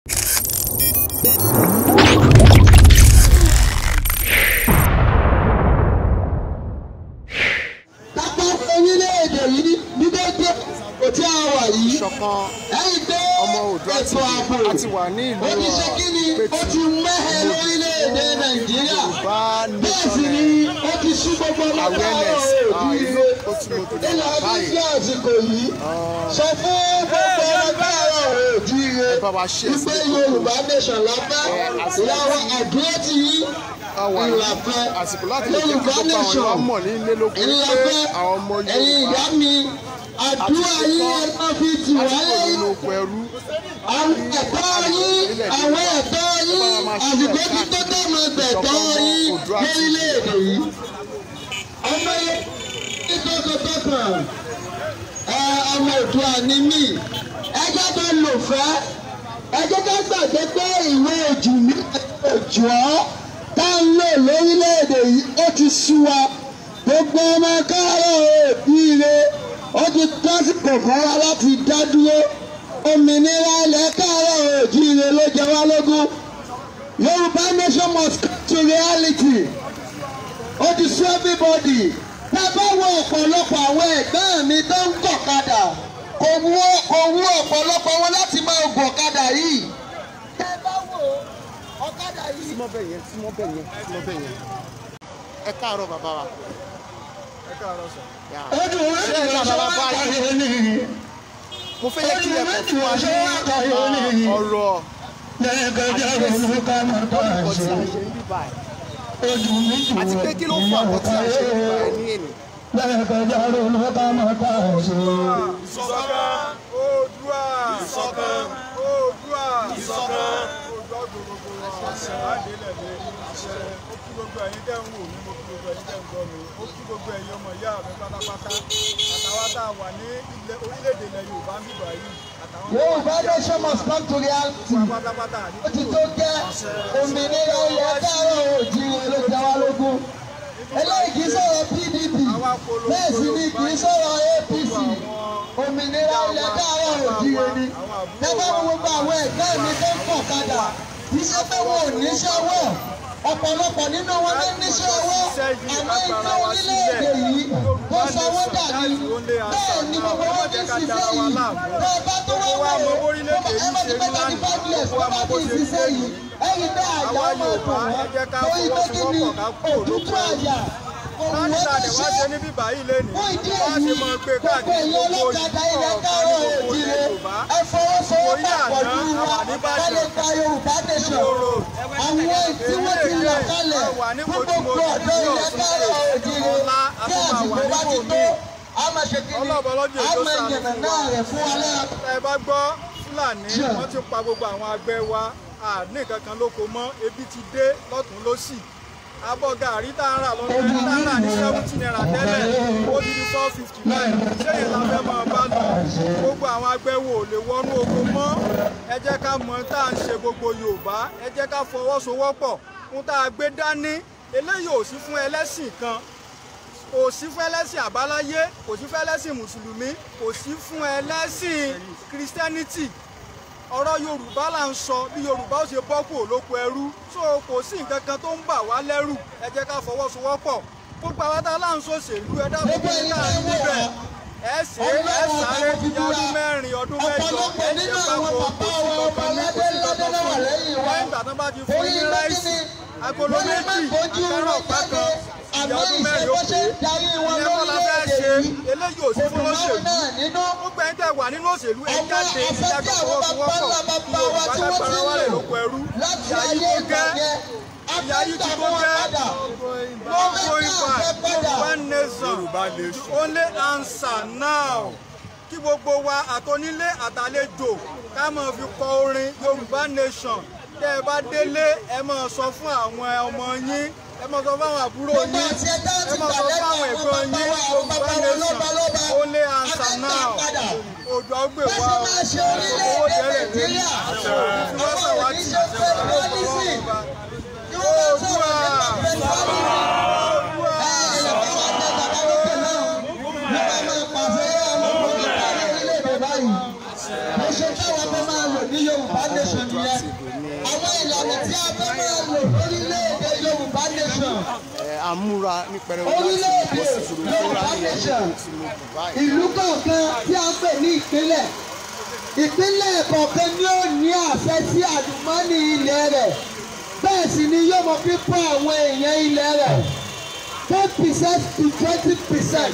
tí a wà yìí ẹ̀yìn pé ètò ààbò ó ti ṣe kí ni ó ti mẹ́hẹ̀ lórílẹ̀‐èdè nàìjíríà bẹ́ẹ̀ sì ni ó ti sún gbogbo ọlọ́pàá òbí rẹ̀ ah, nílò ọdún sí àsìkò yìí ah. sọ fún gbogbo ọlọ́pàá wípé Yorùbá nation lápẹ́ ìyàwó àdúrà ti yí àwa ìlàfẹ́ àsìkò láti lè ìyá mi àdúrà yín ẹ fi tì wáyé ẹ̀tọ́ yín àwọn ẹ̀tọ́ yín àsìkò tí tó tẹ̀ ẹ̀tọ́ yín lórílẹ̀‐èdè yìí ọmọ yẹn ní tọkàntọkàn ọmọ Oòduà ni mí ẹgbẹ́ tó lò fẹ́ ẹ ká gbàgbé pé ìwé òjò ní òjò ọ́ tá ń lò lórílẹ̀‐èdè yìí ó ti sú wa gbogbo ọmọ káàárọ̀ oòjíire ó ti tásìkò fún wa láti dá dúró òmìnira ilẹ̀ káàárọ̀ oòjíire ló jẹ wá lógún Yorùbá nation must come to reality ó ti sú everybody tá a bá wo ọ̀pọ̀lọpọ̀ àwọn ẹ̀gbọ́n mi tó ń kọ̀kadà kò wú ọ̀pọ̀lọpọ̀ wọn láti máa gùn ọ̀kadà yìí. tẹ bá wò ọ̀kadà yìí. súnmọ́ bẹ́ẹ̀ yẹn súnmọ́ bẹ́ẹ̀ yẹn súnmọ́ bẹ́ẹ̀ yẹn. ẹ káàárọ̀ bàbá wa. ẹ káàárọ̀ sọ. ó dùn ó dùn ó sọ wá kàyé ní. mo fẹ́ yẹ kí ẹ kọ́ fún wa ní ọ̀rọ̀. lẹ́gẹ̀dẹ̀ ronú ká má bá a ṣe. ojú mi dùn ó kàyé ní lẹ́ẹ̀kọjá ronú ká mọ́ tá a ṣe. ìṣọ̀kan oòdùà ìṣọ̀kan oòdùà ìṣọ̀kan oòdùà gbogbo àṣẹ àdélẹ̀ lé àṣẹ ó kí gbogbo ẹ̀yin tẹ́ ń wò mí mo kí gbogbo ẹ̀yin tẹ́ ń gbọ́ mi ó kí gbogbo ẹ̀yin ọmọ ìyá mi pátápátá àtàwọn tá a wà ní ilẹ̀ orílẹ̀-èdè ilẹ̀ Yorùbá ń bíbọ̀ yìí. Yorùbá nation must come to reality. ó ti tó gẹ́ òmìnira ilẹ̀ káàárọ̀ oòjíire ló eléyìí kì sọ̀rọ̀ PDP bẹ́ẹ̀ sì ni kì í sọ̀rọ̀ APC òmìnira ilẹ̀ dáhùn òjìire ni lẹ́gbẹ́ gbogbo àwọn ẹ̀gbẹ́ mi tó ń pọ̀ kadà kì í ṣe pé wọn ò níṣẹ́ wọ̀ ọ̀pọ̀lọpọ̀ nínú wọn ní níṣẹ́ owó àmọ́ ìfẹ́ orílẹ̀-èdè yìí wọ́n sanwó dàbí bẹ́ẹ̀ ni gbogbo wọn ti ṣiṣẹ́ yìí bẹ́ẹ̀ bá tó wọ́n wẹ̀ ẹ má ti bẹ́ẹ̀ ní five years wọ́n bá ti ṣiṣẹ́ yìí ẹ̀yìn bẹ́ẹ̀ àjà ọmọ ọ̀dùn wọn lórí pé kí ni òtútù àyà láti lálẹ́ wá ṣe níbí báyìí lẹ́nu wá ṣe mọ pé káàkiri gbogbo ìṣòro káàkiri gbogbo ilẹ̀ yorùbá orí àná àwàní bàjẹ́ ìṣòro àwọn ẹ bá gbọ́ fúlàní wọ́n ti pa gbogbo àwọn àgbẹ̀ wa àní kankan lóko mọ́ ebi ti dé lọ́tún lọ́sì abọ́ gàrí tá a rà lọ́dún ẹ̀ tá a rà ní seventy naira tẹ́lẹ̀ ó di four fifty nine ṣé yẹn la fẹ́ máa bá lọ gbogbo àwọn agbẹ́wò ò lè wọnú oko mọ́ ẹ jẹ́ ká mọ tá à ń ṣe gbogbo Yorùbá ẹ jẹ́ ká fọwọ́sowọ́pọ̀ fún tá a gbé dání eléyìí ò sí fún ẹlẹ́sìn kan kò sí fún ẹlẹ́sìn àbáláyé kò sí fún ẹlẹ́sìn mùsùlùmí kò sí fún ẹlẹ́sìn Christianity ọ̀rọ̀ yorùbá là ń sọ bí yorùbá ó ṣe bọ́ kúrò lóko ẹrú so kò sí nǹkan kan tó ń bà wá lẹ́rù ẹ jẹ́ ká fọwọ́sowọ́pọ̀ gbogbo àwọn tá a là ń sòṣèlú ẹ dábò pé ká níbẹ̀ ẹ ṣe é sáré di ọdún mẹ́rin ọdún mẹ́jọ ẹ ṣe papọ̀ kò sí lọ́kàn ní kò sí lọ́kàn fún un wáyé ìgbà tó bá ti fún yín láìsí agolo méjì àkàrà ọ̀pá kan àmọ́ ìṣe ń darí wọn lórílẹ̀-èdè yìí kò dùn mọ́ náà nínú. gbogbo ẹni tẹ́ nínú òṣèlú ẹ jáde ìdájọ́ fọwọ́fọwọ́ kò bàbá wa lè lóko ẹrú láti ayé ìgbàgbẹ́ yayi ti ko jẹ one point five one nation only answer now kí gbogbo wa àtọ́nílé àtàlejò ká máa fi kọ orin Yorùbá nation tẹ́ ẹ bá délé ẹ máa sọ fún àwọn ọmọ yín ẹ mọ̀ sọ fáwọn àbúrò yín ẹ mọ̀ sọ fáwọn ẹ̀gbọ́n yín Yorùbá ó lé ansa náà òjò ọgbẹ wa owó tẹ́lẹ̀ lé ìfúnwọ́sẹ̀ wa ti ṣe táwọn fẹ́ máa lò àwọn ìlànà tí a fẹ́ máa lò lórí yorùbá nation. ẹ eh, àmúra ní pẹrẹwu láti bọ́ sí ìṣòro ìṣòro àti ìyẹn ìlú kọ̀ọ̀kan tí a pè ní ìpínlẹ̀ ìpínlẹ̀ kọ̀ọ̀kan ni ó ní àṣẹ sí àdùmọ́nì ilẹ̀ rẹ̀ bẹ́ẹ̀ sì ni yóò mọ fífọ́ àwọn èèyàn ilẹ̀ rẹ̀ ten percent to twenty percent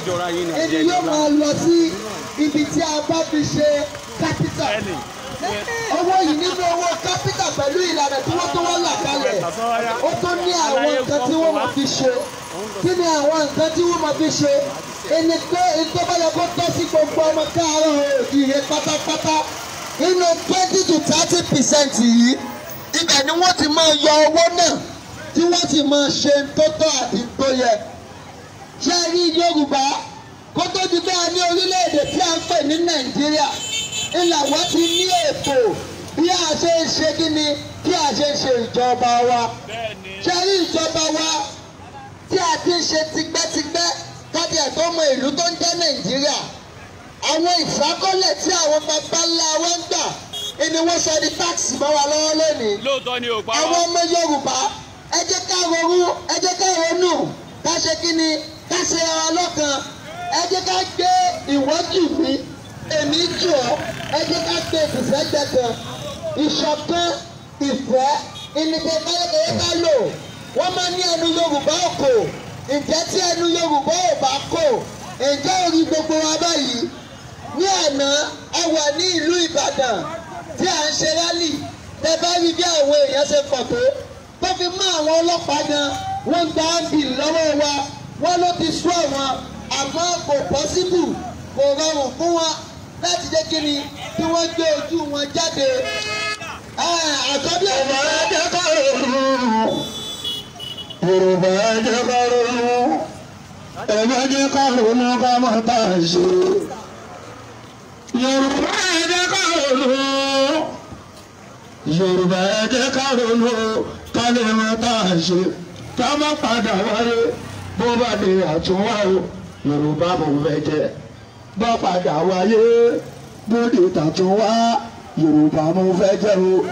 ènìyàn máa lọ sí ibi tí a bá fi ṣe capital owó yìí nínú owó kápítà pẹ̀lú ìlànà tí wọ́n tó wá là kalẹ̀ ó tó ní àwọn nǹkan tí wọ́n máa fi ṣe kí ni àwọn nǹkan tí wọ́n máa fi ṣe ẹni pé ìtọ́bọ̀lẹ̀ kó tọ́ sí gbogbo ọmọ káàárọ̀ òjìrè pátápátá nínú twenty to thirty percent yìí ibẹ̀ ni wọ́n ti máa yọ owó náà tí wọ́n sì máa ṣe tó tọ́ àti tó yẹ ṣé rí Yorùbá kó tó di bẹ́ẹ̀ ní orílẹ̀-èdè tí a ń pè ní Nàìjíríà ilà wa ti ní ètò bí a ṣe ń ṣe kí ni bí a ṣe ń ṣe ìjọba wa ṣe rí ìjọba wa tí a ti ń ṣe tipẹ́tipẹ́ kájà tó mọ ìlú tó ń jẹ́ Nàìjíríà àwọn ìfàkọ́lẹ̀ tí àwọn bàbá ńlá wa ń gbà ni wọ́n sọ di táàkì mọ́ wa lọ́wọ́ lónìí. lóòótọ́ ni ò pa wá. àwọn ọmọ Yorùbá ẹ ká ronú ẹ ká ronú ká ṣe kí ni ká ṣe ara lọ́kan ẹ ká gbé ìwọ́jú mi èmi jù ọ́ ẹjẹ́ ká gbé ìfìsẹ́gbẹ́ kan ìṣọ̀kan ìfẹ́ ìnìkan káyọ̀kẹ́yẹ́ ká lò wọ́n máa ní ẹnu Yorùbá òkò ǹjẹ́ tí ẹnu Yorùbá ò bá kò ǹjẹ́ orí gbogbo wa báyìí ní àná a wà ní ìlú Ìbàdàn tí à ń ṣe rálì tẹ bá rí bí àwọn èèyàn ṣe pọ̀ tó tó fi mú àwọn ọlọ́pàá gan wọ́n gba ábì lọ́wọ́ wa wọ́n ló ti sú àwọn àmọ́ kò pọ́síbù kò rọrùn fún wọn láti jẹ́ kí ni kí wọ́n gbé ojú wọn jáde. àkọ́bí ọ̀rọ̀ ẹ̀jẹ̀ kọ̀ọ̀rọ̀ yorùbá ẹ̀jẹ̀ kọ̀ọ̀rọ̀ ẹ̀jẹ̀ jẹ́ kọ̀ọ̀rọ̀ ní ká má bá a ṣe. yorùbá ẹ̀jẹ̀ kọ̀ọ̀rọ̀ yorùbá ẹ̀jẹ̀ kọ̀ọ̀rọ̀ ká lè má bá a ṣe ká má padà wáyé bó bá di àtúnwá yorùbá bò ń bẹ jẹ́ bá padà wáyé bóde tàtún wá Yorùbá mo fẹ́ jẹ́ o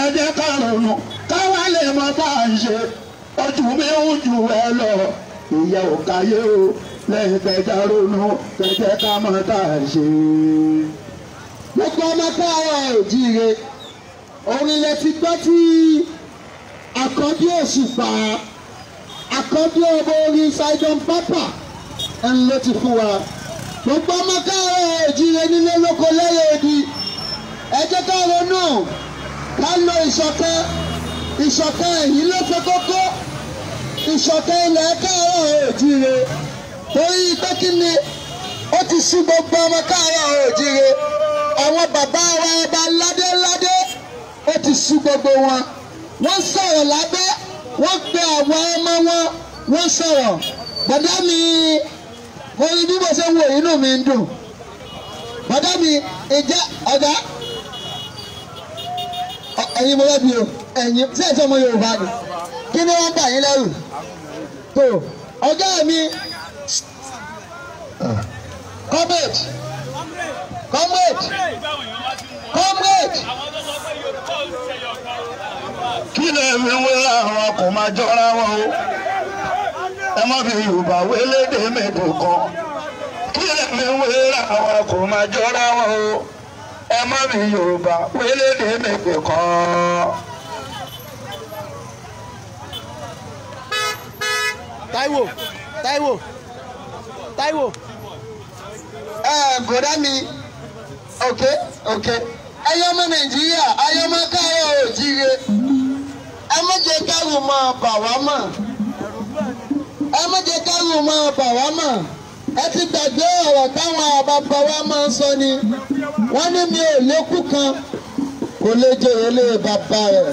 ẹ jẹ́ ká ronú káwá lè mọ bá a ṣe ojú mi ò jù ẹ lọ ìyá ò káyé o lẹ́yìn tẹ̀já ronú tẹ̀jẹ́ ká mọ tá a ṣe. gbogbo ọmọ káàárọ̀ òjíire orin ti gbọ́ tí àkọ́bí òṣùpá àkọ́bí ọmọ orin Sidon Papa ẹ̀ ń lọ ti fún wa gbogbo ọmọ káàárọ̀ oòjíire nílé lóko lẹ́yìn odi ẹ jẹ́ ká ronú ká lo ìṣọ̀kan ìṣọ̀kan èyí ló ṣe kókó ìṣọ̀kan ilẹ̀ káàárọ̀ oòjíire torí pé kí ni ó ti sú gbogbo ọmọ káàárọ̀ oòjíire àwọn bàbá wa ọba ládéládé ó ti sú gbogbo wọn wọ́n sọ̀rọ̀ lábẹ́ wọ́n pe àwọn ọmọ wọn wọ́n sọ̀rọ̀ bàdá mi mo ní bí mo ṣe wo inú mi ń dùn bàdá mi ìjà ọ̀gá ẹ̀yin mo lẹ́bi o ẹ̀yin sí ẹ̀sọ́ ọmọ Yorùbá ni kí ni wọ́n bà yín lẹ́rù tó ọ̀gá mi comrade comrade comrade kí lè mi wúlò àwọn kò máa jọra wọn o ẹ má fi Yorùbá wélédè mẹ́kò kan kí èmi wéra wa kò má jọra wọn o ẹ má Yorùbá wélédè mẹ́kò kan. Táíwò Táíwò Táíwò. ẹ gòdá mi òkè òkè ẹyọ ọmọ Nàìjíríà ẹyọ ọmọ káyọ òjíire ẹ má jẹ́ kẹrù máa bà wá mọ́. ẹ má jẹ́ kẹ́rù máa bà wá ẹ ti gbàgbé ọ̀rọ̀ táwọn àbàbà wa máa ń sọ ni wọn ní mi ò lékú kan kò lè jèrè lé bàbá rẹ̀.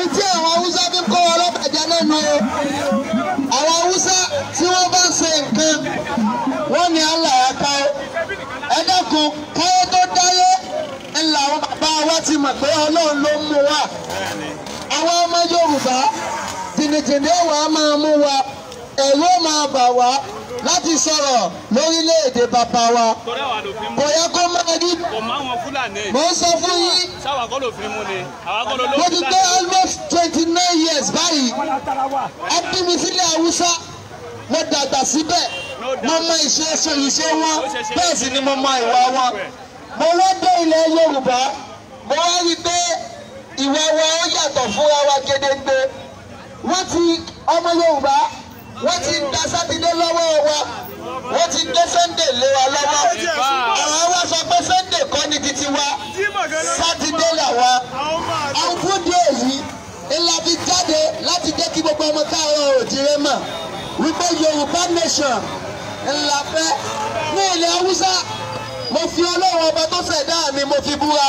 etí àwọn haúsá fi kó ọlọ́kàjá lẹ́nu o àwọn haúsá tí wọ́n bá ṣe nǹkan wọ́n ní ẹ dákun káyé tó dáyé ńlá àwọn bàbá wa ti mọ̀ pé ọlọ́run ló àwọn ọmọ Yorùbá máa mú wa. ẹ̀rù ó máa bà wá láti sọ̀rọ̀ lórílẹ̀‐èdè bàbá wa kò yẹ kó máa rí. kò máa wọn fúlàní. mo ń sọ fún yín. sáwà kọ́ fi mú ni àwa kọ́ ló fúlàní. mo ti gbé almost twenty nine years báyìí ẹ bí mi sílẹ̀ haúsá mo dàgbà síbẹ̀ mo mọ ìṣeṣe ìṣe wọn bẹ́ẹ̀ sì ni mo mọ ìwà wọn mo wá dé ilẹ̀ Yorùbá mo wá rí i pé ìwà wa ó yàtọ̀ fúnra wa gédéńgbé wọ́n ti ọmọ Yorùbá wọ́n ti da sátidé lọ́wọ́ wa wọ́n ti dé sẹ́ńdẹ̀ lé wa lọ́wọ́ àwọn wa sọ pé sẹ́ńdẹ̀ kọ́ ni titi wa sátidé làwa àwùjọ èyí ńlá fi jáde láti jẹ́ kí gbogbo ọmọ káàárọ̀ òjìrè mọ̀ wípé Yorùbá nation ńlá fẹ́ ní ilẹ̀ Haúsá mo fi Ọlọ́run ọba tó ṣẹ̀dá mi mo fi búra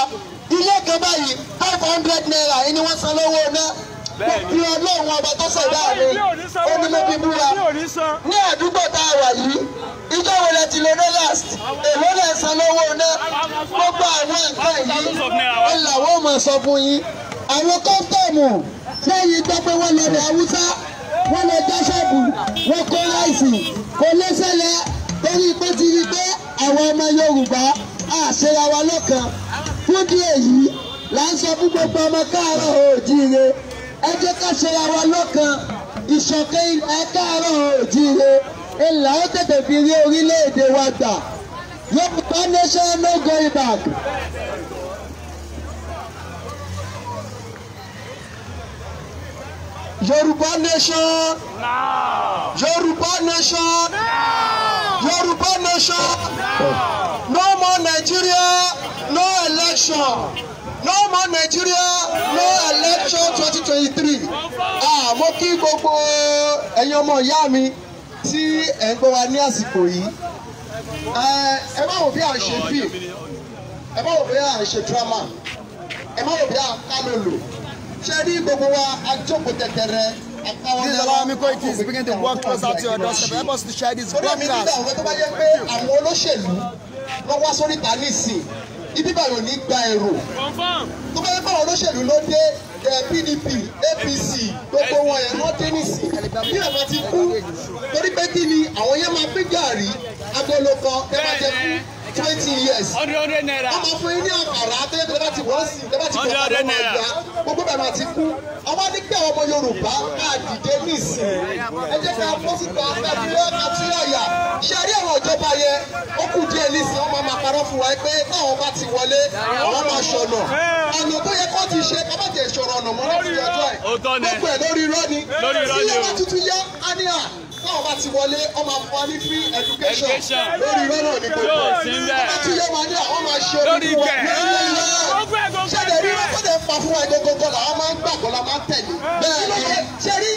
ilé kan báyìí five hundred naira ẹni wọ́n san lọ́wọ́ náà bí ọlọ́run ọba tó ṣẹ̀dá mi ó ní mo fi búra ní àdúgbò tá a wà yìí ìjọ wo lẹ ti lè dé last èló lẹ san lówó ná gbogbo àwọn nǹkan yìí ó làwọn ò mọ̀ sọ fún yín àwọn kọ́ńtọ̀mù lẹ́yìn gbọ́ pé lọ ní haúsá wọ́n lọ dá ṣọ́ọ̀bù wọ́n kó láìsì kò lè torí pé ti rí pé àwọn ọmọ yorùbá àṣeyàwá lọ́kàn fún díẹ̀ yìí là ń sọ fún gbogbo ọmọ káàárọ̀ oòjíire ẹ jẹ́ ká ṣera wa lọ́kan ìṣọ̀kan ẹ̀ka àárọ̀ òjíire ńlá ó tètè fi rí orílẹ̀-èdè wa gbà Yorùbá nation no going back. Yorùbá nation. Now. Yorùbá nation. Now. Yorùbá nation. No more Nigeria, no election no more Nigeria no election twenty twenty three àmọ́ kí gbogbo ẹ̀yin ọmọ ìyá mi tí ẹ̀ ń gbọ́ wa ní àsìkò yìí ẹ má wò bí à ṣe fíìm ẹ má wò bí à ṣe drama ẹ má wò bí à ń kálòlò ṣe rí gbogbo wa àjọpọ̀ tẹ̀tẹ̀rẹ̀. Please allow me go. It is beginning to work closer to your doorstep. Help us to share this broadcast. Orí mi nígbà àwọn tó bá yẹ pé àwọn olóṣèlú ló wá sórí ta ibi báyìí ò ní gba èrò tó bá yẹ fáwọn olóṣèlú ló dé PDP APC gbogbo wọn yẹn wọ́n dé nísì bí àgbà ti kú torí pé kí ni àwọn yẹn máa pín gàrí agolo kan tẹ́ bá jẹ kú twenty years. ọdún ọdún náírà. ọmọ fún yín ní àkàrà tó yẹ láti wọ́n sí láti gbọ́ ọdún náírà. gbogbo bẹ̀rẹ̀ àti kú ọmọ ní pé ọmọ Yorùbá ká dìde ní ìsìn ẹ jẹ́ ká bọ́ síta ká dúró ká tú ọ̀yà ṣe rí àwọn ìjọba yẹn ó kù díẹ̀ nísìn wọn máa máa parọ́ fún wa pé táwọn bá ti wọlé àwọn máa ṣọ̀nà ọ̀nà tó yẹ kó ti ṣe kábàjẹ́ ìṣòro ọ̀nà mọ́ láti ọjọ́ ẹ̀ gbogbo ẹ̀ lórí irọ́ ni tí ẹ bá tuntun yá á ní à táwọn bá ti wọlé ọmọ afọ ní free education lórí lọ́nà ní gbogbo ọmọ tí yóò máa ní àwọn máa ṣe orí fún wa lórí ilé ṣẹlẹ̀ rí wọn tó lè fa fún wa gbogbogbò làwọn máa ń gbàgbọ́ la máa ń tẹ̀lé ah. bẹ́ẹ̀ ṣe rí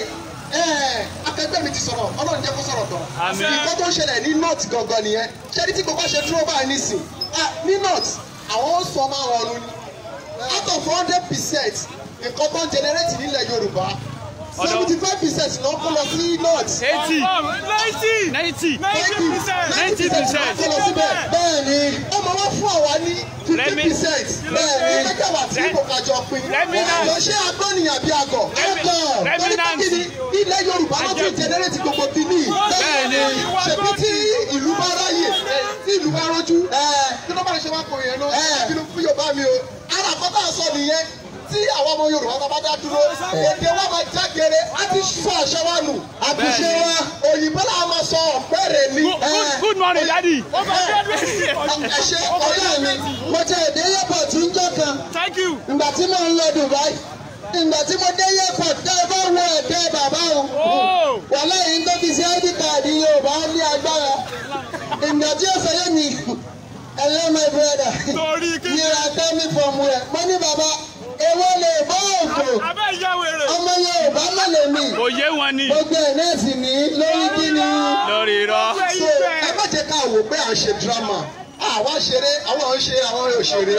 akẹgbẹ́ mi ti sọ̀rọ̀ ọlọ́run jẹ́ kó sọ̀rọ̀ tán nǹkan tó ń ṣẹlẹ̀ ní north gangan nìyẹn ṣe rí tí gbogbo ṣe dúró báyìí nísìn ah, ní north àwọn ó sọ máa rọrùn ni out of hundred percent nǹkan tó ń generate nílẹ̀ yorùbá seventy five percent ló kó lọ sí north. eighty ninety ninety percent ninety percent ló kó lọ síbẹ̀ bẹ́ẹ̀ ni ó máa wá fún àwa ní fifty percent bẹ́ẹ̀ ni ẹgbẹ́ wa tí kò kájọ pin lọ ṣé agbóniyàn bí agọ̀ ẹ̀kọ́ torí kákìní ilẹ̀ Yorùbá ló ti jẹnẹrẹ́tì gbogbo kìíní bẹ́ẹ̀ ni ṣèbí tí ìlú bá ráyè tí ìlú bá rọ́jú kí ló bá ṣe wá kò yẹn lọ kí ló fún Yorùbá mi o ara kọ́tà sọ nìyẹn tí àwọn ọmọ Yorùbá bá dá dúró èdè wa máa já gere a ti sọ àṣẹ wa nù àtúnṣe wa òyìnbó làwọn máa sọ ọ̀pẹ́ rẹ̀ good eh, morning daddy. Eh, eh, ẹ ṣe ọ̀rẹ́ mi mo jẹ èdè yẹ́pọ̀ tí ń jọ kan ìgbà tí mo ń lọ Dubai ìgbà tí mo dé yẹ́pọ̀ tẹ́ ẹ bá wọ ẹ̀dẹ́ bàbá o oh. wà lẹ́yìn tó fi ṣe id card Yorùbá ní agbára ìgbà tí ó sọ yé mi hello my brother you are coming from where mo ní bàbá èwo lè bá òfò ọmọ Yorùbá má lè mì kò yé wọn ni gbogbo ẹ̀ náà sì ní lórí kíni lórí irọ́ ẹ má jẹ́ ká wò pé à ń ṣe dírámà àwa ṣeré àwọn ò ṣe àwọn òṣèré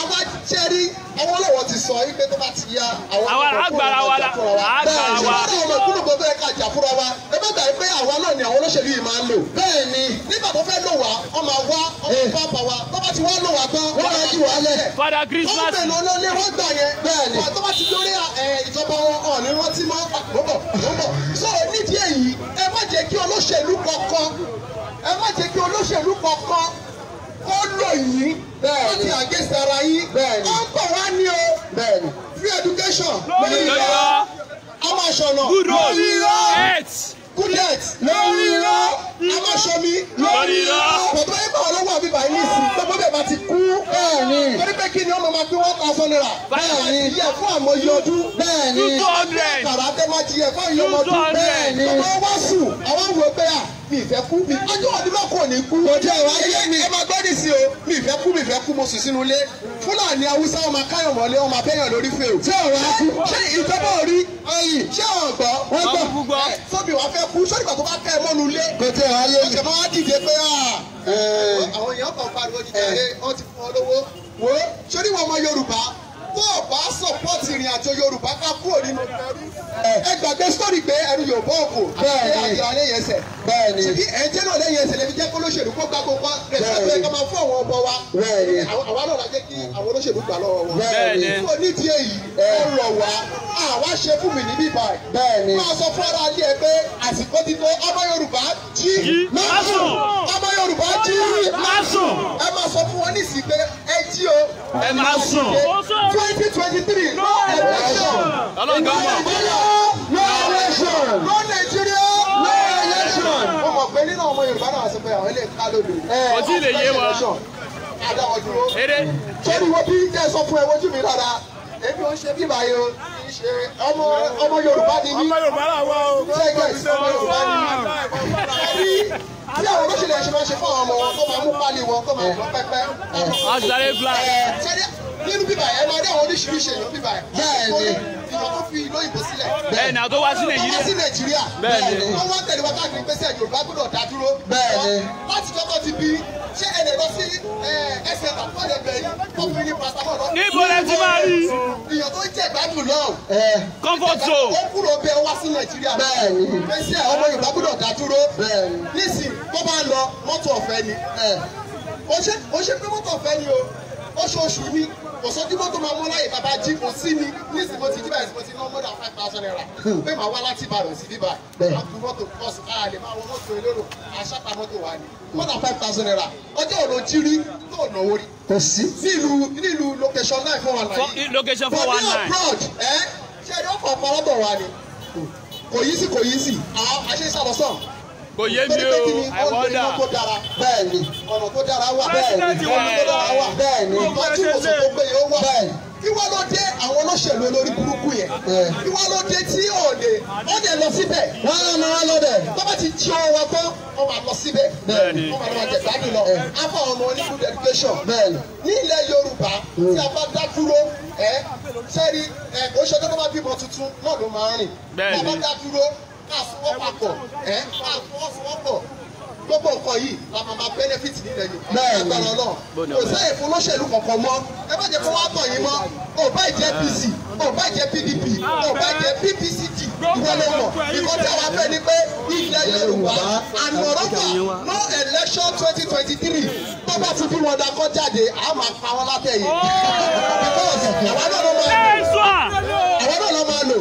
àwa jẹ́rí àwọn olówó ti sọ yí pé tó bá ti ya àwọn agbára wa la agbára wa bẹ́ẹ̀ ni àwọn ìkúlù gbogbo ẹ̀ka ìjà fúnra wa ẹ bá gbà pé àwa náà ni àwọn olóṣèlú yìí máa ń lò bẹ́ẹ̀ ni nígbà tó fẹ́ lò wá ọmọ eh. wa ọmọ ìfọ̀pá wa tó wò alẹ́. fada christmas. wọ́n bẹ̀rẹ̀ ọlọ́lé wọ́n gbà yẹn. bẹ́ẹ̀ni. wọ́n bá ti lórí ìjọba wọn ọ̀ ní rántí mọ́ bọ́bọ̀ bọ́bọ̀. so nídìí èyí ẹ má jẹ́ kí olóṣèlú kọ̀ọ̀kan ẹ má jẹ́ kí olóṣèlú kọ̀ọ̀kan kó lò yìí. bẹ́ẹ̀ni wọ́n ti yìí. bẹ́ẹ̀ni wọ́n kọ̀ wá ní o. bẹ́ẹ̀ni free education. lórí ìlọ àwọn àṣọ náà. good road. lórí ìlọ. Goodness lórí irọ́ amáṣomi lórí irọ́ bàbá yìí bá ọlọ́wọ́ àbí bàyí ní ìsìn gbogbo bẹ́ẹ̀ bá ti kú bẹ́ẹ̀ ni torí pé kí ni ọmọ máa fi one thousand naira bẹ́ẹ̀ ni yẹ fún àmọye ọdún bẹ́ẹ̀ ni two hundred tàbá tẹ́ máa ti yẹ fún àyè ọmọ bẹ́ẹ̀ ni ọmọ wá sùn àwọn wò pé à mi ìfẹ́ kú mi ọjọ́ ọdún bá kò ní kú. ọjọ́ ìwà ayé mi ẹ máa gbọ́dọ̀ sí o mi ìfẹ́ kú mi ìfẹ́ kú mo sùn sínú ilé fúlàní haúsá wọn máa káyọ̀ mọ́lé wọn máa bẹ́yàn lórí fèrè. ṣé ọ̀rọ̀ akú ṣé ìjọba ò rí ọyìn ṣé ọ̀rọ̀ gbọ́. wọ́n gbọ́ sóbì wàá fẹ́ kú sórí ìgbà tó bá ká ẹ mọ́nu ilé. kòtò ayé mi. ọ̀sẹ̀ máa dìde pé ah. àwọn èèyàn kan pariwo wo sórí wọn ọmọ Yorùbá tó o bá support ìrìn àjò yorùbá ká kúrò nínú ẹ gbàgbé sórí pé ẹnu yorùbá òkò bẹ́ẹ̀ni àgbà lẹ́yìn ẹsẹ̀ bẹ́ẹ̀ni ṣèbí ẹjẹ náà lẹ́yìn ẹsẹ̀ lẹbi jẹ kó lóṣèlú kó gbàgbó wa rẹsítẹ ká máa fún àwọn ọmọ wa bẹ́ẹ̀ni àwa náà la kí àwọn olóṣèlú gbà lọ́wọ́ wọn bẹ́ẹ̀ni kó ní ti èyí ó rọ wá àwa ṣe fún mi níbí báyìí bẹ́ẹ̀ni máa sọ fún ara ilé ẹ pé àsìkò ti tó ọmọ yorùbá jí máa sùn ọmọ yorùbá jí máa sùn ẹ máa sọ fún wọn nísìsiyìí pé ẹ jí o ẹ máa sùn twenty no election no Nigeria no election no Nigeria no election. mo mọ̀ pé nínú ọmọ Yorùbá náà sọ pé àwọn ilé ká lóde. ọtí lè yé wa adáwọ̀ dúró. sọ́ni wo bí jẹ́ sọ fún ẹ wojú mi rárá èmi ò ń ṣe bíbá yìí o kì í ṣe ọmọ ọmọ Yorùbá ni mí. ọmọ Yorùbá là wá o. ṣẹ́gẹ̀sì ọmọ Yorùbá ni mí. ẹni tí àwọn olóṣèlú ẹ̀ ṣe máa ń ṣe fún àwọn ọmọ wọn kó máa mú pálí wọn kó máa gbọ́ pẹ́pẹ́ nínú bíbá ẹ máa dé àwọn oríṣiríṣi èèyàn bíbá ẹ. bẹ́ẹ̀ni ìyàn tó fi ìlú òyìnbó sílẹ̀. bẹ́ẹ̀ni àtó wá sí nàìjíríà. wá sí nàìjíríà. bẹ́ẹ̀ni wọn wá tẹ̀lé wa káàkiri pé sẹ́yìn yorùbá gbọ́dọ̀ dá dúró. bẹ́ẹ̀ni láti tọ́kọ ti bí ṣé ẹ lè lọ sí ẹsẹ̀ àkọọ́lẹ̀ bẹ̀yìn ọkùnrin ní pasapọ̀ lọ. níbo lẹ ti máa rí. ìyàn tó jẹ ìgbádùn náà. comfort zone. ó kúrò bẹ wá sí nàìjíríà. bẹ́ẹ̀ni pèsè ọmọ yorùbá gbọ́dọ̀ dá dúró. bẹ́ẹ̀ni nísìnyí tó bá lọ mọ́tò ọ̀fẹ́ ni. ó ṣe pé mọ́tò ọ̀fẹ́ ni o oṣooṣù ni kò sójú mọ́tò máa mú láyè bàbá jí kò sí mi ní ìsìnkú ti jí báyìí mo ti ná mọ́dà five thousand naira hmm. pé màá wá láti Ìbàdàn sí bíbá àkú mọ́tò káà lè máa wọ mọ́tò elérò àṣàpá mọ́tò wa ni mọ́dà five thousand naira ọjọ́ òòlù jírí tó náwó rí. kò sí. nílùú nílùú location nine four one nine. location four one nine. for abroad ẹ ṣe é ní ọkọ̀ hmm. ọ̀pọ̀ kò yí sí kò yí sí àwọn àṣẹ ìṣàlọ́sàn kò yé mi o àìwọ́dà ọ̀nà tó ọ̀nà tó dára wà bẹ́ẹ̀ ọ̀nà tó dára wà bẹ́ẹ̀ ni pátí wòsàn tó péye ó wà bẹ́ẹ̀ ni ló dé àwọn olóṣèlú olórí burúkú yẹn kí ló dé tí òde òde lọ síbẹ̀ wọ́n á máa tọ́ba ti tí ọ tán wọ́n máa lọ síbẹ̀ wọ́n máa lọ jẹ̀dá mi lọ afa ọmọ ní good education ní ilẹ̀ Yorùbá hmm. tí a bá dá dúró sẹ́ni oṣù tó bá bímọ tuntun náà ló máa rìn bá bá dá dúró ká fọwọ́papọ̀ ẹ̀ ká fọwọ́fọwọ́pọ̀ gbogbo nǹkan yìí la máa máa benefit nílẹ̀ Yorùbá agbára náà kò sẹ́yìn fún olóṣèlú kankan mọ́ ẹ má jẹ́ kó wá tọ̀ yín mọ́ ò bá jẹ́ APC ò PDP ò bá PPCD ìwọlé mọ̀ nǹkan tí a wá fẹ́ ni pé ilẹ̀ Yorùbá ànàrọ́gbà no election twenty twenty three tó bá ti bí wọn da kọ́ jáde a máa pa wọn látẹ̀yìn because àwa náà ló máa lò àwa náà ló máa lò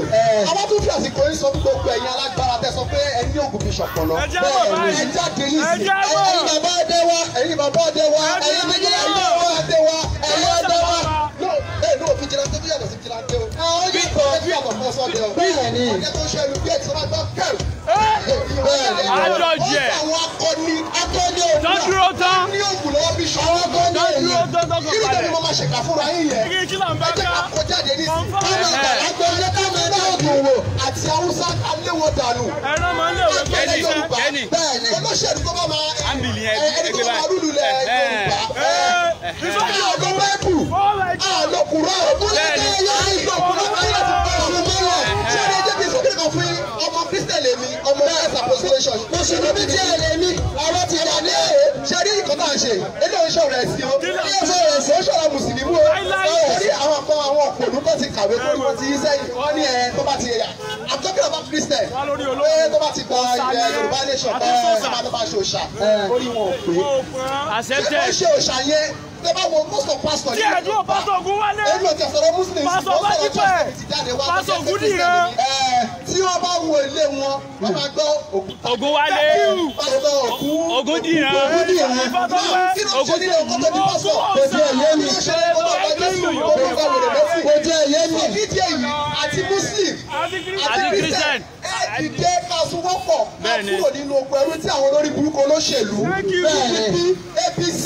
àwa tún fi àsìkò yín sọ fún gbogbo ẹ̀yin alágbára tẹ sọ pé ẹni ògùn fi ṣọ̀pọ̀lọ́ bẹ́ẹ̀ ẹ jáde nísìnyí ẹ̀yin bàbá ọdẹ wa ẹ̀yin bàbá ọdẹ wa ẹ̀yin méjèèjì wa. bíbọ̀ bẹ́ẹ̀ ni àjọjẹ tọ́dúró tán tọ́dúró tán tọ́kọ̀ balẹ̀ kí ló dé ni mo máa ṣèkà fúnra yín yẹn ẹ jẹ́ ká kọjá dé ní sí kámẹ́rà lágbẹ́rẹ́ kámẹ́rà òdòwò àti haúsá aléwò dànù. church. mùsùlùmí tí ẹ lè mi àwọn ti wà ní èrè ṣe rí nǹkan tá à ṣe ilé oṣù rẹ̀ sí o ilé oṣù rẹ̀ sí o ṣọ̀rọ̀ mùsùlùmí o orí àwọn kan àwọn òpònú tó ti kàwé tó wọ́n ti yí sẹ́yìn wọ́n ní ẹ tó bá ti yà I'm talking about Christian tó bá ti gba ilẹ̀ eh, Yorùbá nation bẹ́ẹ̀ ẹ máa tó bá ṣe òòṣà orí wọn ò pé bí wọ́n ṣe bá wo most pásítọ̀ Ògúnwálé pásítọ̀ tí wọ́n bá wo ilé wọn wọ́n máa gbọ́ Ògún Wálé pásítọ̀ Ògún Ògún dìran Ògún dìran kí ló ṣe nílé ọkọ tó ní pásítọ̀ kò tí ẹ̀ yé mi ọkọ bá jésù kò tí ẹ̀ yé mi ìdíje yìí àti muslim àti christian dìde ká sowọ́pọ̀ ká kúrò nínú oko ẹrú tí àwọn olórí burúkú olóṣèlú bẹ́ẹ̀ni APC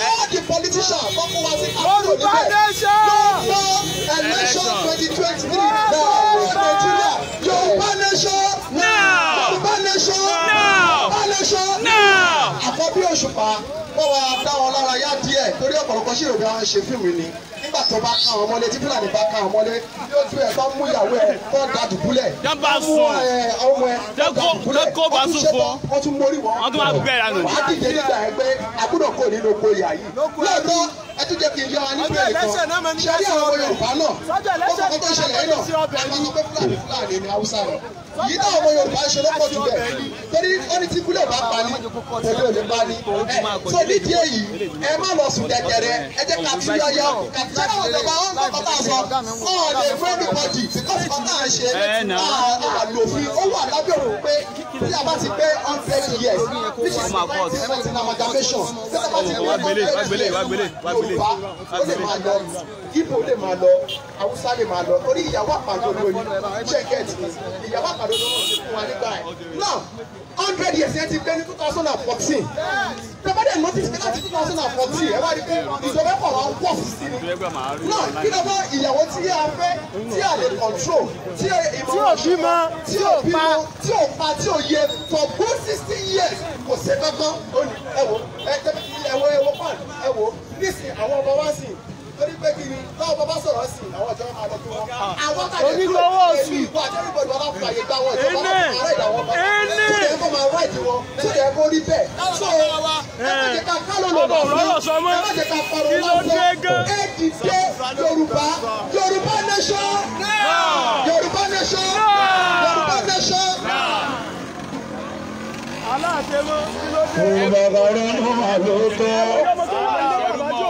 all the politicians kọ́kọ́ wá sí àkúrò níbẹ̀ lọ́wọ́ election twenty twenty three lọ́wọ́ Nàìjíríà Yorùbá nation now Yorùbá nation now Yorùbá nation now àkọ́bí òṣùpá ó wà dáwọn lára yá di ẹ̀ torí ọ̀pọ̀lọpọ̀ ṣì rò bí wọ́n ṣe fíìmù ni nígbà tó bá kàn án mọ́lé tí fúlàní bá kàn án mọ́lé yóò tún ẹ̀ tó mú ìyàwó ẹ̀ tó da dùbúlẹ̀ mú ọmọ ẹ̀ tó da dùbúlẹ̀ ó tún ṣe mórí wọn. wọ́n tún máa bẹ̀rẹ̀ àná ni. wàá dìde nígbà yẹn pé àbúrò kò ní lóko ìyá yìí lóòótọ́ ẹ tún jẹ́ kí n yọ ọ nígbà yẹn kan ṣe àwọn Yorùbá náà ó yìí náà àwọn Yorùbá ṣe lọ́pọ̀ jù bẹ́ẹ̀ torí wọ́n ní tí fúlẹ̀ bá pa ni òwe ò ní ẹ̀ tó nídìí èyí ẹ má lọ oṣù jẹjẹrẹ ẹ jẹ́ ká fi yọyọ kàtúntà ọ̀jọ̀gbọ́n wọn kọ́ kọ́tà sọ ọ̀ lè fún ẹnìbọ̀jì bíkọ́sì kọ́tà ń ṣe àlòfin ó wà lábẹ́ òun pé bí a bá ti pé hundred years which is seventeen amalgamation bí a bá ti pé hundred years Yorùbá ó lè máa lọ Ìgbò lè máa lọ Haúsá lè máa lọ orí ìyàwó àpàdé olóyún ṣẹ́gẹ̀tì ìyàwó àpàdé olóyún ti fún wa nígbà yẹn náà hundred years yẹn ti pé ní two thousand and fourteen tọ́pẹ́dẹ̀ notice pé láti two thousand and fourteen ẹ wá rí pé ìjọba ẹ̀kọ́ wa wọ̀ sí ni náà kí ló bá ìyàwó tí a fẹ́ tí a lè control tí ò bímọ tí ò pa tí ò pa tí ò yẹ for good sixteen years kò ṣe kankan ẹ wo ẹ wo ẹ wo pan ẹ wo nísìnyí àwọn ọmọ wa sìn torí pé kí ni táwọn bàbá sọ̀rọ̀ sí àwọn ìjọba máa lọ kí wọ́n. àwọn tàbí onígbọ̀wọ́ oṣù ìlú àti everybody wọn bá fún àyè gbà wọ́n ìjọba máa rẹ̀ ìdáwọ́ bá tó lè kó máa rẹ̀ ìdíwọ́ tó lè kó rí bẹ́ẹ̀. so ẹ má jẹ́ ká kálò lọ́wọ́ fún ẹ má jẹ́ ká pariwo lọ́wọ́ ẹ dìde Yorùbá Yorùbá nation Yorùbá nation Yorùbá nation. aláàtẹ̀mọ́ kí ló dé. òun bàbá rẹ̀ ń hàn lóòótọ́.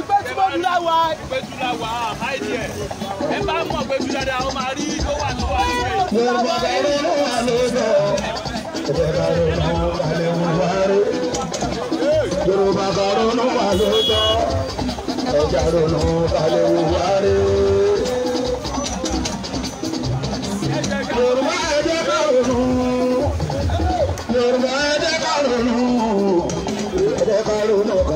ìgbésùmọ̀dù la wà. ìgbésùmọ̀dù la wà àìdí ẹ̀ ẹ bá mọ̀ gbèsù dáadáa ó máa rí tó wà tó wà níbẹ̀. yorùbá bẹ̀rẹ̀ ló wà lóòótọ́ ìjọba ló mú balẹ̀ wù wá rí yorùbá bẹ̀rẹ̀ ló wà lóòótọ́ ẹja ló mú balẹ̀ wù wá rí. yorùbá ẹjẹ ká ronú yorùbá ẹjẹ ká ronú ẹjẹ ká ronú ká.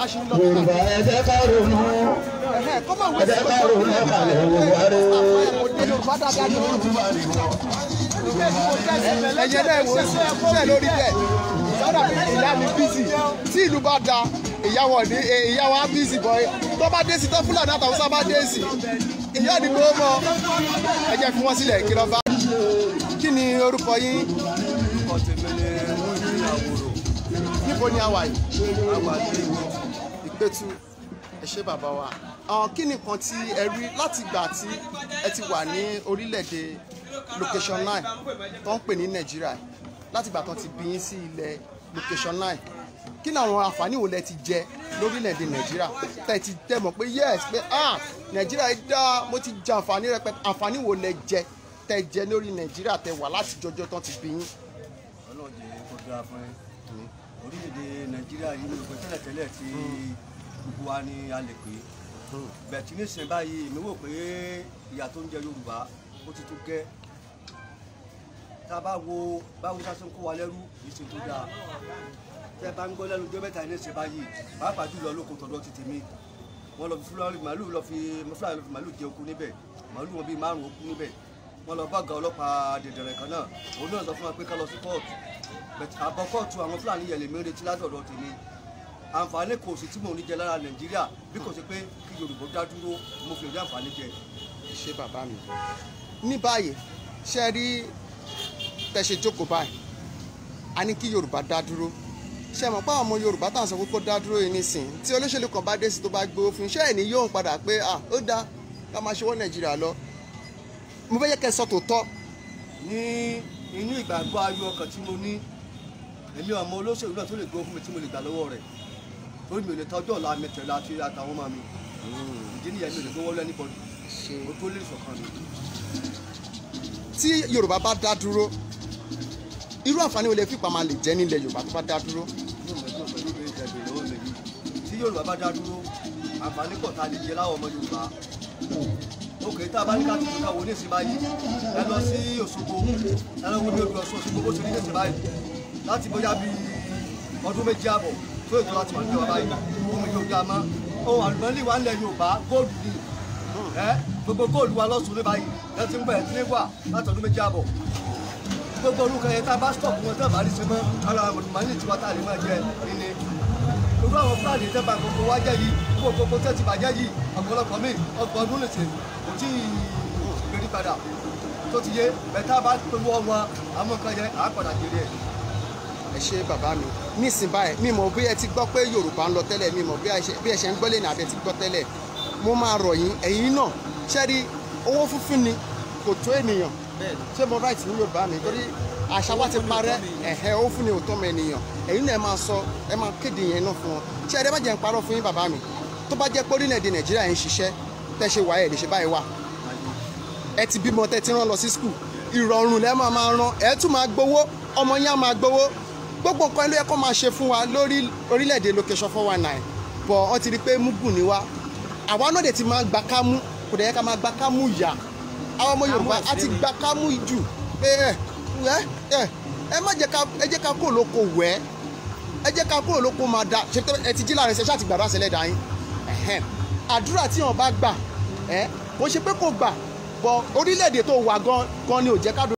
Yorùbá ẹ jẹ́ ká ronú ẹ jẹ́ ká ronú ẹ kàlẹ̀ Yorùbá rẹ ẹyẹ náà wò sílẹ̀ lórí bẹ́ẹ̀ sọ́dà bí ìyá mi bísí tí ìlú bá da ìyàwó ní ìyàwó á bísí bọ́ tó bá dé sí tó fúlàní àtàwọn sábà dé sí ìyá ìdìbò mọ ẹjẹ fún wọn sílẹ̀ kí lọ bá. kí ni orúkọ yín. ọkọ tèmi ni mo ní àwòrò. níbo ni a wà yìí. a wà ní ìwọ. Gbétu ẹ ṣé bàbá wa kí ni nǹkan tí ẹ rí láti ìgbà tí ẹ ti wà ní orílẹ̀-èdè location nine tó ń pè ní Nàìjíríà láti ìgbà tó ti bí yín sí ilẹ̀ location nine kí ni àwọn àǹfààní wo lẹ ti jẹ lórílẹ̀‐èdè nàìjíríà tẹ̀ ti tẹ̀ mọ̀ pé yes pé ah nàìjíríà yìí dá mo ti jẹ àǹfààní rẹpẹtẹ àǹfààní wo lẹ jẹ tẹ jẹ lórí nàìjíríà tẹ wà láti jọjọ tán ti bí yín. ọlọ́ọ̀jẹ̀ kò dáa fún ẹ orílẹ̀-èdè nàìjíríà yìí ni kò tẹ́lẹ̀ ti. Hmm gbogbo wa ni a lè pè é bẹ̀tí nísìnyí báyìí mi wò pé ìyà tó ń jẹ Yorùbá ó ti tó gẹ́ tá a bá wo báwo sá tó ń kó wa lẹ́rú yìí ṣe tó dáa tẹ́ bá ń gbọ́ lẹ́nu jẹ́ mẹ́ta ní ṣe báyìí pàápàá jùlọ lóko tọ̀dọ̀ ti tèmi wọ́n lọ fi fúlọ́ọ̀rì màálù lọ fi fúlọ́ọ̀rì lọ fi màálù jẹ okú níbẹ̀ màálù wọn bíi márùn okú níbẹ̀ wọ́n lọ bọ́ọ̀gà ọlọ́pàá dẹ̀dẹ̀rẹ̀ kan náà òun náà sọ fún wa pé ká lọ sí kóòtù àbọ̀ kóòtù àwọn Fúlàní yẹ̀lẹ̀ mérè tí ládọ̀dọ̀ tèmi àǹfààní kò sí tí mò ń jẹ lára nàìjíríà bí kò sí pé kí yorùbá dá dúró mo fi òde àǹfààní jẹ. ẹ ṣe bàbá mi ní báyìí ṣe rí tẹ̀sẹ̀ jókòó báyìí a ní kí yorùbá dá dúró ṣe mọ̀ pé àwọn ọmọ yorùbá tàn sọ pé kó dá dúró yìí nísìn tí olóṣèlú kan bá dé sí tó bá gbowó fún iṣẹ́ ẹ̀ ní yóò padà pé ah ó dáa ká máa ṣe wọ́n nàìjíríà lọ mo fẹ́ yẹ kẹ́ sọ tòótọ́. ní inú ìgbàgbọ́ ayọ̀ ọkàn tí mo ní èmi ọmọ olóṣèlú náà tó lè gbowó fún mi tí mo lè gbà lọ́wọ́ rẹ̀ torí mi ò lè ta ọjọ́ ọ̀la mi tẹ̀lé àti àtàwọn ọmọ mi ìdí nìyẹn mi ò lè gbówó lẹ́ni bọ́dù o tó lè sọ̀kan mi. tí Yorùbá bá dá dúró irú àǹfààní wo lè fi pamọ́ lè jẹ́ nílẹ̀ Yorùbá tó bá dá dúró. tí Yorùbá bá dá dúró àǹfààní pọ̀ tá a lè jẹ láwọn ọmọ Yorùbá òkè tá a bá ní ká tuntun ká wo ní ìsìn báyìí ẹ lọ sí Òṣogbo ẹ lọ wo ní odò Ọ̀ṣun Òṣogbo bó ṣe ní ìsìn báyìí láti bóyá bíi ọdún méjì àbọ̀ tó ètò láti wà níjọba báyìí omi yóò dá mọ́ ohun àlùmọ́ọ́lì wa ńlẹ̀ Yorùbá góòlù ni gbogbo góòlù wa lọ́sùn ní báyìí ẹ ti ń bẹ̀rẹ̀ sí ní wà látọ̀dún méjì àbọ̀ gbogbo orúkọ yẹn tá a bá stọ̀pù wọn tẹ́lẹ̀ bá ní ṣe mọ́ ara mọ̀lì tiwa tá a lè máa jẹ níní irú àwọn fúlàní tẹ́ bá gbogbo wa jẹ́ yìí gbogbo tẹ́ ti bàjẹ́ yìí ọ̀pọ̀lọpọ̀ mi ọgbọ̀n ọdún nìṣẹ́ kò tí ì gbèrí padà tó ti yé bẹ̀tá bá pẹ̀lú ọmọ àwọn nǹkan yẹn àá fi ṣe bàbá mi nísìnyí báyìí mi mọ̀ bí ẹ ti gbọ́ pé Yorùbá ń lọ tẹ́lẹ̀ mi mọ̀ bí ẹ ṣe ń gbọ́ lẹ́nu àbẹ ti gbọ́ tẹ́lẹ̀ mo máa rọ̀ yín ẹ̀yin náà ṣẹ́rí owó funfun ni kò tó ènìyàn ṣé mo right ní Yorùbá mi torí àṣà wa ti parẹ́ ẹ̀hẹ́ owó fún ni ò tọ́mọ ènìyàn ẹ̀yin náà ẹ máa sọ ẹ máa kéde yẹn náà fún wọn ṣẹ́rí ẹ má jẹ́ ń parọ́ fún yín bàbá mi tó bá jẹ́ pé orílẹ̀ yẹn á máa gbowó gbogbo nǹkan ló yẹ kó máa ṣe fún wa lórí orílẹ̀-èdè location four one nine bọ̀ wọ́n ti rí i pé múgù ni wá àwa náà dẹ̀ ti máa gbà kámú kò dẹ̀ yẹ ká máa gbà kámú yá àwọn ọmọ Yorùbá á ti gbà kámú jù pé ẹ ẹ ẹ má jẹ́ ká ẹ jẹ́ ká kúrò lóko wẹ́ ẹ jẹ́ ká kúrò lóko máa da ṣe tẹ́ ẹ ti jí láàrin ṣe ṣáà ti gbàdúrà sílẹ̀ dá yín àdúrà tí wọn bá gbà ẹ kò ṣe pé kò gbà bọ orílẹ̀-èdè tó wà gan-an ni ò jẹ́ ká